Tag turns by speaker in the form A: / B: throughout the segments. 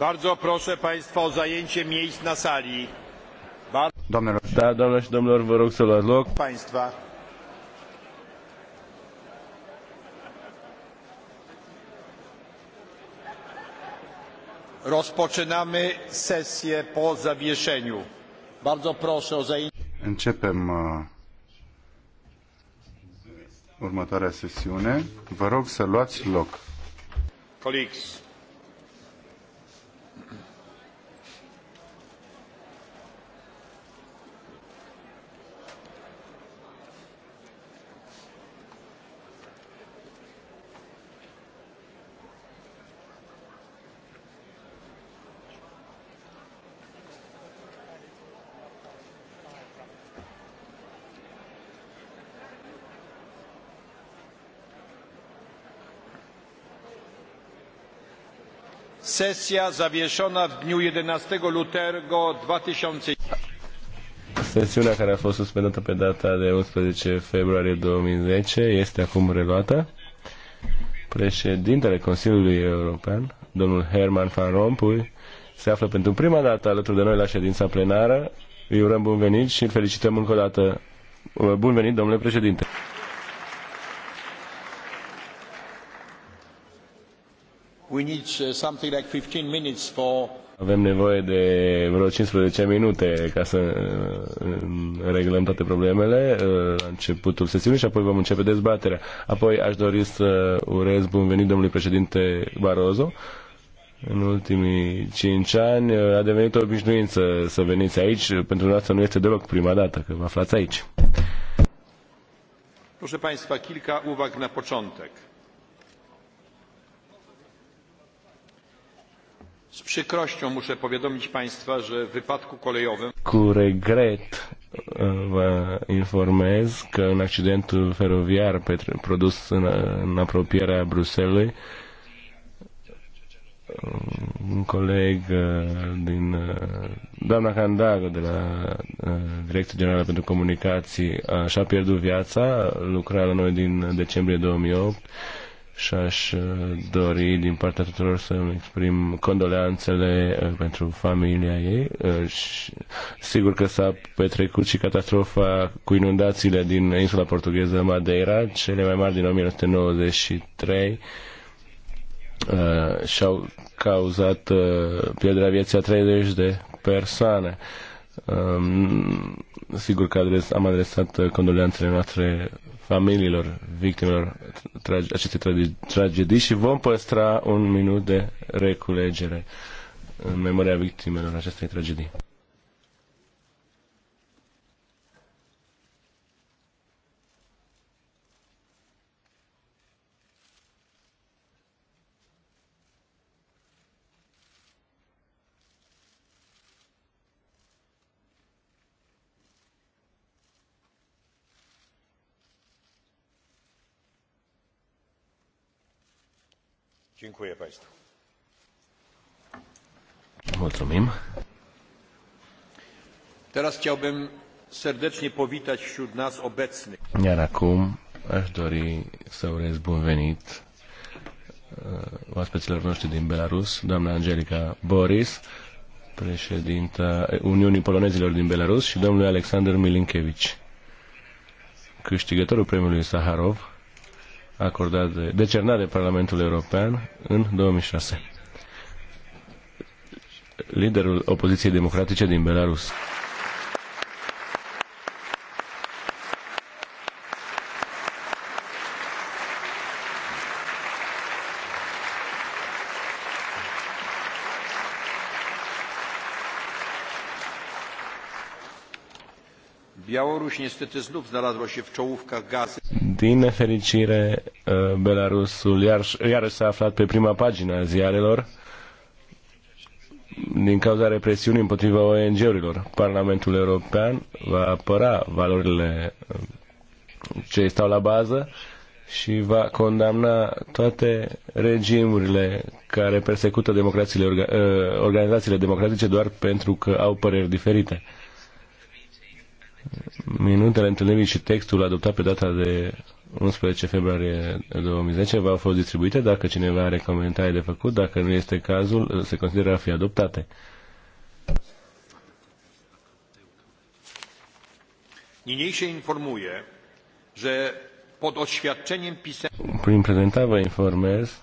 A: Bardzo proszę Państwa o zajęcie miejsc na sali. Da,
B: doamnelor, și domnilor, vă rog să luați loc.
A: Państwa. Rozpoczynamy sesję po zawieszeniu. Bardzo proszę o zajęcie. Începem uh, următoarea sesiune. Vă rog să luați loc. Sesja zawieszona w dniu 11 lutego 2010.
B: Sesiunea care a fost suspendată pe data de 11 februarie 2010 este acum reluată. Președintele Consiliului European, domnul Herman Van Rompuy, se află pentru prima dată alături de noi la ședința plenară. Îi urăm bun venit și îl felicităm încă o dată. Bun venit, domnule președinte! Uh, avem nevoie de vreo 15 minute ca să uh, reglăm toate problemele uh, la începutul sesiunii și apoi vom începe dezbaterea. Apoi aș dori să urez bun venit domnului președinte Barroso. În ultimii 5 ani a devenit o obișnuință să veniți aici. Pentru noastră nu este deloc prima dată că vă aflați aici.
A: Proszę Państwa, kilka uwag na początek. Z przykrością muszę powiadomić Państwa, że w wypadku kolejowym...
B: Cu regret vă informez că în accidentul feroviar produs în, în apropierea Bruselei, un coleg din doamna Candago de la Direcția Generală pentru Comunicații și-a pierdut viața, lucra la noi din decembrie 2008 și aș uh, dori din partea tuturor să îmi exprim condoleanțele uh, pentru familia ei. Uh, sigur că s-a petrecut și catastrofa cu inundațiile din insula portugheză Madeira, cele mai mari din 1993 și-au cauzat pierderea vieții a 30 de persoane. Sigur că adres, am adresat uh, condoleanțele noastre familiilor victimelor trage, acestei trage- tragedii și vom păstra un minut de reculegere în memoria victimelor acestei tragedii.
A: Dziękuję Państwu. Mulțumim. Teraz chciałbym serdecznie powitać wśród nas obecnych.
B: Iar acum aș dori să urez bun venit oaspeților noștri din Belarus, doamna Angelica Boris, președinta Uniunii Polonezilor din Belarus și domnul Alexander Milinkevici, câștigătorul premiului Saharov acordat de, decernat de Parlamentul European în 2006. Liderul opoziției democratice din Belarus.
A: Białoruś niestety znów znalazła się w czołówkach gazy.
B: Din nefericire, uh, Belarusul iarăși iar s-a aflat pe prima pagină a ziarelor din cauza represiunii împotriva ONG-urilor. Parlamentul European va apăra valorile uh, ce stau la bază și va condamna toate regimurile care persecută democrațiile, uh, organizațiile democratice doar pentru că au păreri diferite minutele întâlnirii și textul adoptat pe data de 11 februarie 2010 v-au fost distribuite. Dacă cineva are comentarii de făcut, dacă nu este cazul, se consideră a fi adoptate.
A: Niniejsze informuje, że pod oświadczeniem pisem...
B: Prin prezentarea vă informez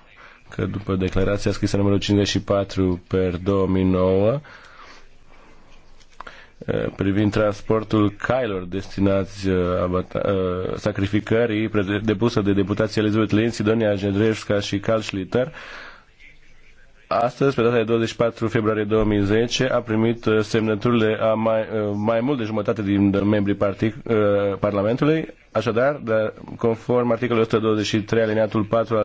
B: că după declarația scrisă numărul 54 per 2009, Uh, privind transportul cailor destinați uh, uh, sacrificării depusă de deputații Elizabeth Lin, Sidonia Jedreșca și Carl Schlitter, astăzi, pe data de 24 februarie 2010, a primit semnăturile a mai, mai mult de jumătate din membrii partic, Parlamentului. Așadar, conform articolului 123 alineatul 4